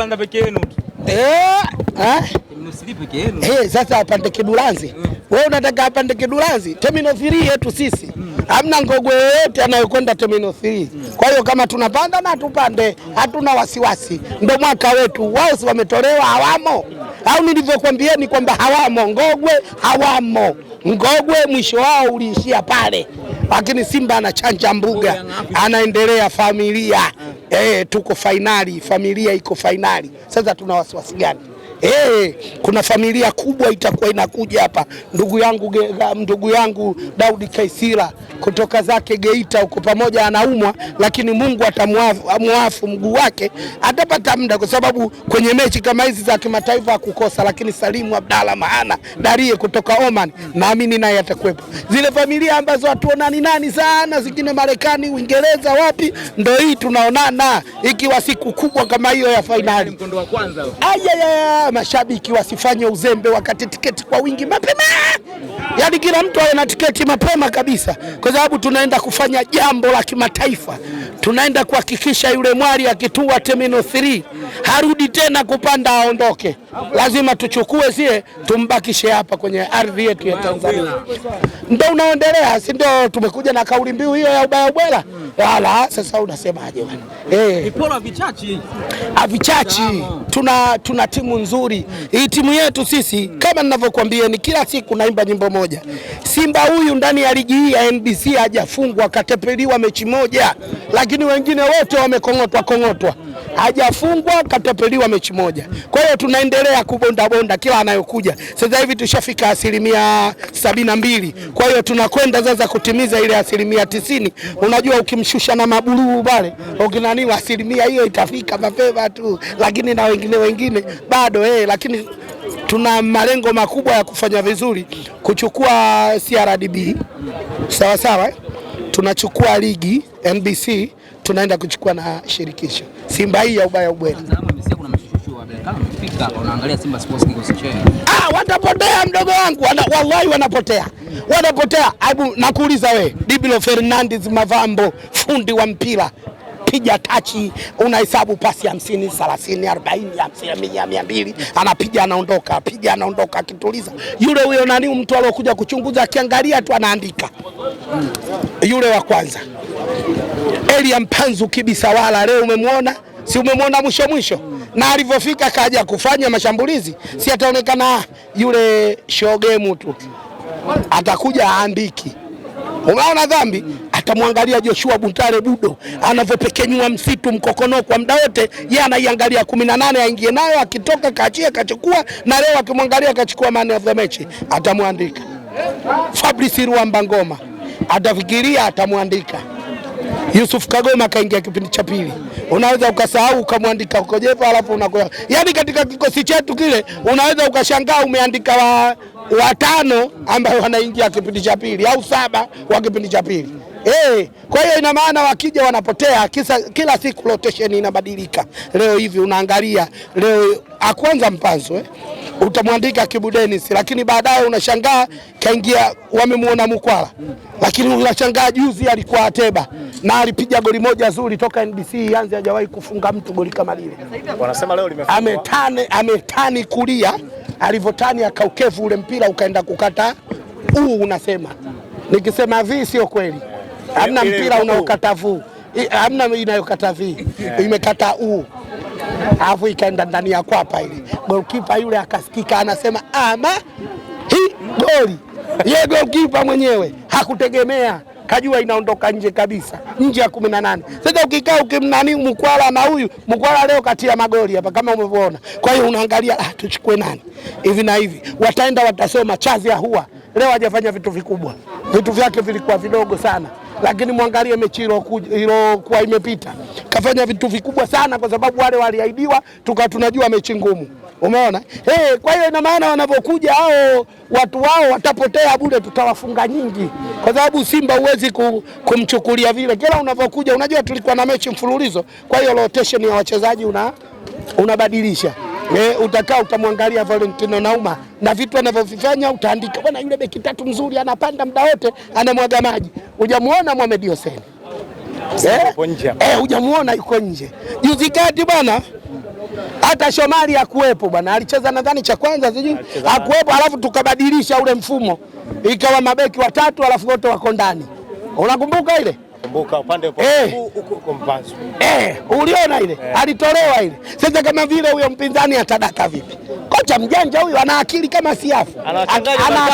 panda peke yenu tu. Eh, eh? Eh, sasa apande kidulanzi wewe unataka apande kidulanzi terminal 3 yetu sisi hmm. hamna Ngogwe yoyote anayokwenda terminal 3 hmm. Kwa hiyo kama tunapanda na tupande, hatuna wasiwasi, ndo mwaka wetu. Wao si wametolewa, hawamo hmm. au nilivyokwambieni kwamba hawamo Ngogwe, hawamo Ngogwe, mwisho wao uliishia pale, lakini Simba anachanja mbuga, anaendelea familia eh, tuko fainali, familia iko fainali. Sasa tuna wasiwasi gani? hey, eh, kuna familia kubwa itakuwa inakuja hapa, ndugu yangu ndugu yangu Daudi Kaisira kutoka zake Geita huko, pamoja anaumwa, lakini Mungu atamwafu mguu wake, atapata muda, kwa sababu kwenye mechi kama hizi za kimataifa hakukosa. Lakini Salimu Abdalla Maana Darie kutoka Oman, naamini naye atakuwepo. Zile familia ambazo hatuonani nani sana, zingine Marekani, Uingereza, wapi, ndo hii tunaonana, ikiwa siku kubwa kama hiyo ya fainali. Mkondo wa kwanza. Aya ya mashabiki wasifanye uzembe, wakati tiketi kwa wingi mapema, yaani kila mtu awe na tiketi mapema kabisa, kwa sababu tunaenda kufanya jambo la kimataifa. Tunaenda kuhakikisha yule mwali akitua terminal 3 harudi tena kupanda aondoke, lazima tuchukue zie tumbakishe hapa kwenye ardhi yetu ya Tanzania. Ndo unaendelea, si ndio? Tumekuja na kauli mbiu hiyo ya ubaya ubwela wala. Sasa unasemaje bwana? Eh, avichachi tuna, tuna timu nzuri hii timu yetu sisi, kama ni kila siku naimba nyimbo moja. Simba huyu ndani ya ligi hii ya NBC hajafungwa, katepeliwa mechi moja, lakini wengine wote wamekong'otwa kong'otwa hajafungwa katapeliwa mechi moja. Kwa hiyo tunaendelea kubondabonda kila anayokuja. Sasa hivi tushafika asilimia sabini na mbili, kwa hiyo tunakwenda sasa kutimiza ile asilimia tisini. Unajua, ukimshusha na maburuu pale ukinaniwa, asilimia hiyo itafika mapema tu, lakini na wengine wengine bado eh, lakini tuna malengo makubwa ya kufanya vizuri, kuchukua CRDB sawasawa, eh? tunachukua ligi NBC tunaenda kuchukua na shirikisho Simba hii ya ubaya ubwela Ah, watapotea mdogo wangu wana, wallahi wanapotea wanapotea. Hebu nakuuliza we, Diblo Fernandez Mavambo, fundi wa mpira piga tachi, unahesabu pasi hamsini, thelathini, arobaini, hamsini, mia mbili, anapiga anaondoka, pija anaondoka, akituliza yule huyo nani, mtu aliokuja kuchunguza akiangalia tu anaandika mm. yule wa kwanza Elia Mpanzu Kibisawala leo umemwona, si umemwona mwisho mwisho, na alivyofika kaja kufanya mashambulizi, si ataonekana yule shogemu tu, atakuja aandiki. Umeona dhambi atamwangalia Joshua Buntare Budo anavyopekenyua msitu mkokono kwa muda wote, yeye anaiangalia kumi na nane aingie nayo, akitoka kaachia, kachukua. Na leo akimwangalia kachukua man of the match, atamwandika. Fabrice Ruamba Ngoma atafikiria, atamwandika. Yusuf Kagoma akaingia kipindi cha pili, unaweza ukasahau ukamwandika Kojepa, alafu unakoa, yaani katika kikosi chetu kile unaweza ukashangaa umeandika wa watano ambao wanaingia kipindi cha pili au saba wa kipindi cha pili. Hey, eh, kwa hiyo ina maana wakija wanapotea kisa, kila siku rotation inabadilika. Leo hivi unaangalia leo akwanza mpanzo eh? utamwandika Kibu Dennis, lakini baadaye unashangaa kaingia, wamemuona Mukwala, lakini unashangaa juzi alikuwa Ateba na alipiga goli moja zuri toka NBC ianze, hajawahi kufunga mtu goli kama lile. Wanasema leo limefungwa, ametani ametani kulia, alivyotani akaukevu ule mpira ukaenda kukata huu. Unasema nikisema vii sio kweli, hamna mpira unaokata vuu, hamna inayokata vii, imekata huu alafu ikaenda ndani ya kwapa ile. Golkipa yule akasikika anasema ama hii goli, ye golkipa mwenyewe hakutegemea kajua inaondoka nje kabisa, nje ya kumi na nane. Sasa ukikaa ukimnani mkwala na huyu mkwala leo katia magoli hapa kama umevyoona. Kwa hiyo unaangalia ah, tuchukue nani hivi na hivi, wataenda watasoma chazi ya huwa leo hajafanya vitu vikubwa, vitu vyake vilikuwa vidogo sana lakini mwangalie mechi iliyokuwa imepita, kafanya vitu vikubwa sana, kwa sababu wale waliahidiwa, tukawa tunajua mechi ngumu. Umeona hey, eh, kwa hiyo ina maana wanapokuja hao watu wao watapotea bure, tutawafunga nyingi, kwa sababu Simba huwezi kumchukulia vile kila unavyokuja. Unajua tulikuwa na mechi mfululizo, kwa hiyo rotation ya wachezaji una unabadilisha E, utakaa utamwangalia Valentino Nauma na vitu anavyovifanya utaandika, bwana yule beki tatu mzuri anapanda muda wote anamwaga maji. Hujamuona Mohamed Hussein eh? eh, hujamuona yuko nje. Juzi kati bwana hata Shomari hakuwepo bwana, alicheza nadhani cha kwanza sijui hakuwepo, alafu tukabadilisha ule mfumo ikawa mabeki watatu alafu wote wako ndani, unakumbuka ile Kumbuka upande upo eh. huko huko Mpanzu. Eh, uliona ile? Eh. Alitolewa ile. Sasa kama vile huyo mpinzani atadaka vipi? Kocha mjanja huyu ana akili kama siafu. Ana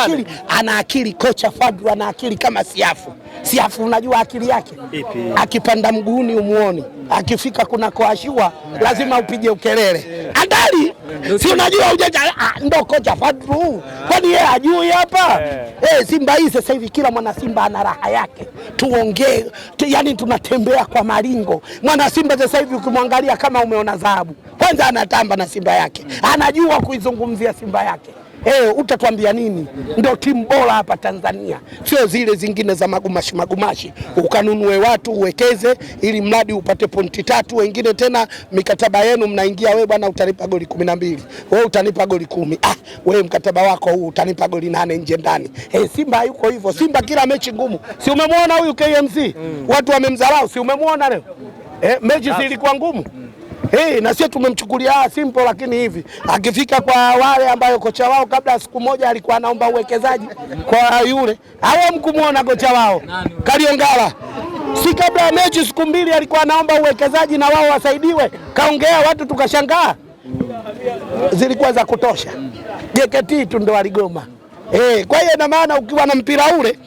akili, ana akili kocha Fadru ana akili kama siafu. Siafu unajua akili yake? Ipi? Akipanda mguuni umuone. akifika kuna koashua lazima upige ukelele si unajua ujeja ah, ah, ndo kocha Fadlu, eh. kwani yeye ajui hapa eh. eh? Simba hii sasa hivi kila mwana Simba ana raha yake, tuongee yani, tunatembea kwa maringo. Mwana Simba sasa hivi ukimwangalia kama umeona dhahabu, kwanza anatamba na Simba yake, anajua kuizungumzia Simba yake eh, utatuambia nini? Ndio timu bora hapa Tanzania, sio zile zingine za magumashi magumashi, ukanunue watu uwekeze, ili mradi upate pointi tatu. Wengine tena mikataba yenu mnaingia, we bwana, utanipa goli kumi na mbili, we utanipa goli kumi. Ah, wewe mkataba wako huu utanipa goli nane nje ndani. Eh, Simba hayuko hivyo. Simba kila mechi ngumu, si umemwona huyu KMC? mm. watu wamemdharau, si umemwona leo? Eh, mechi zilikuwa ngumu. Hey, na sio tumemchukulia ah, simple, lakini hivi akifika kwa wale ambayo kocha wao kabla siku moja alikuwa anaomba uwekezaji kwa yule awe mkumwona kocha wao Kaliongala, si kabla ya mechi siku mbili alikuwa anaomba uwekezaji na wao wasaidiwe, kaongea watu tukashangaa, zilikuwa za kutosha. JKT tu ndo aligoma. Hey, eh, kwa hiyo ina maana ukiwa na mpira ule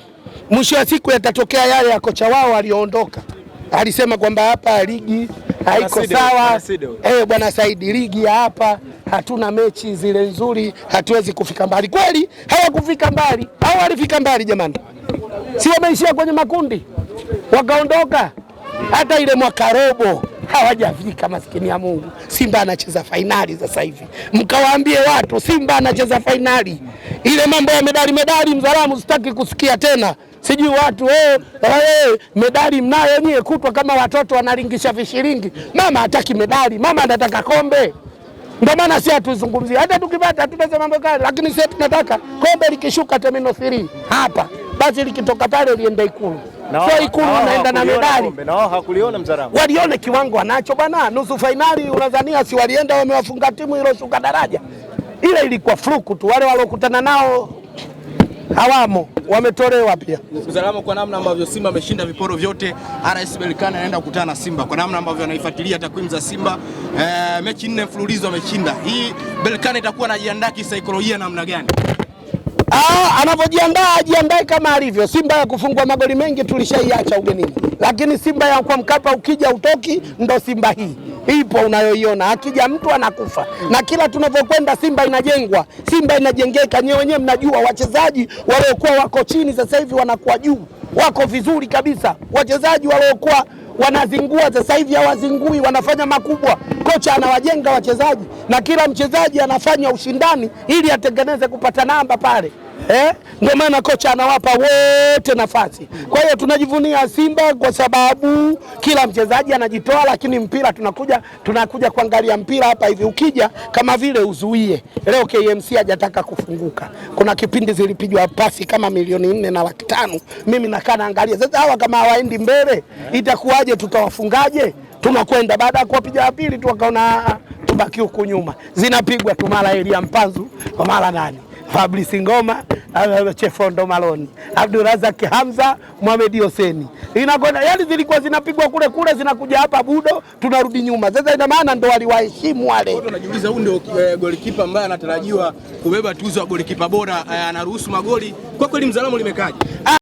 mwisho wa siku yatatokea yale ya kocha wao aliyoondoka, alisema kwamba hapa ligi haiko sawa. Eh bwana Saidi, ligi ya hapa hatuna mechi zile nzuri, hatuwezi kufika mbali. Kweli hawakufika mbali au walifika mbali jamani? Si wameishia kwenye makundi wakaondoka, hata ile mwaka robo hawajafika. Maskini ya Mungu, Simba anacheza fainali sasa hivi. Mkawaambie watu Simba anacheza fainali. Ile mambo ya medali medali, Mzalamu sitaki kusikia tena sijui watu hey, hey, medali mnayo nyie kutwa kama watoto wanalingisha vishiringi Mama hataki medali, mama anataka kombe. Ndio maana si hatuzungumzia, hata tukipata tunasema mambo kale, lakini sisi tunataka kombe likishuka Terminal 3 hapa basi, likitoka pale lienda Ikulu. No, so Ikulu naenda na medali no, walione kiwango anacho bwana. Nusu fainali unadhania si walienda wamewafunga timu iloshuka daraja? Ile ilikuwa fluku tu, wale walokutana nao hawamo wametolewa pia. Usalama kwa namna ambavyo Simba ameshinda viporo vyote, RS Berkane anaenda kukutana na Simba kwa namna ambavyo anaifuatilia takwimu za Simba e, mechi nne mfululizo ameshinda. Hii Berkane itakuwa anajiandaa kisaikolojia namna gani? Ah, anapojiandaa ajiandae kama alivyo. Simba ya kufungwa magoli mengi tulishaiacha ugenini, lakini Simba ya kwa Mkapa ukija utoki, ndo Simba hii ipo unayoiona. Akija mtu anakufa, na kila tunavyokwenda Simba inajengwa, Simba inajengeka. Nyewe wenyewe mnajua, wachezaji waliokuwa wako chini sasa hivi wanakuwa juu, wako vizuri kabisa. Wachezaji waliokuwa wanazingua sasa hivi hawazingui, wanafanya makubwa. Kocha anawajenga wachezaji na kila mchezaji anafanya ushindani ili atengeneze kupata namba pale eh? Ndio maana kocha anawapa wote nafasi. Kwa hiyo tunajivunia Simba kwa sababu kila mchezaji anajitoa, lakini mpira tunakuja tunakuja kuangalia mpira hapa hivi, ukija kama vile uzuie. Leo KMC hajataka kufunguka, kuna kipindi zilipigwa pasi kama milioni nne na laki tano, mimi nakaa naangalia. Sasa hawa kama hawaendi mbele itakuwaje? Tutawafungaje? Tunakwenda baada ya kuwapiga wa pili tu wakaona tubaki huku nyuma, zinapigwa tu mara Elia Mpanzu kwa mara nani Fabrice Ngoma, Chefondo Maloni, Abdurazak Hamza, Mohamed Hoseni. Inakwenda yani, zilikuwa zinapigwa kule kule, zinakuja hapa budo, tunarudi nyuma. Sasa ina maana ndo waliwaheshimu wale. Watu wanajiuliza huyu ndio eh, golikipa ambaye anatarajiwa kubeba tuzo ya golikipa bora, eh, anaruhusu magoli. Kwa kweli mzalamo limekaje? Ah,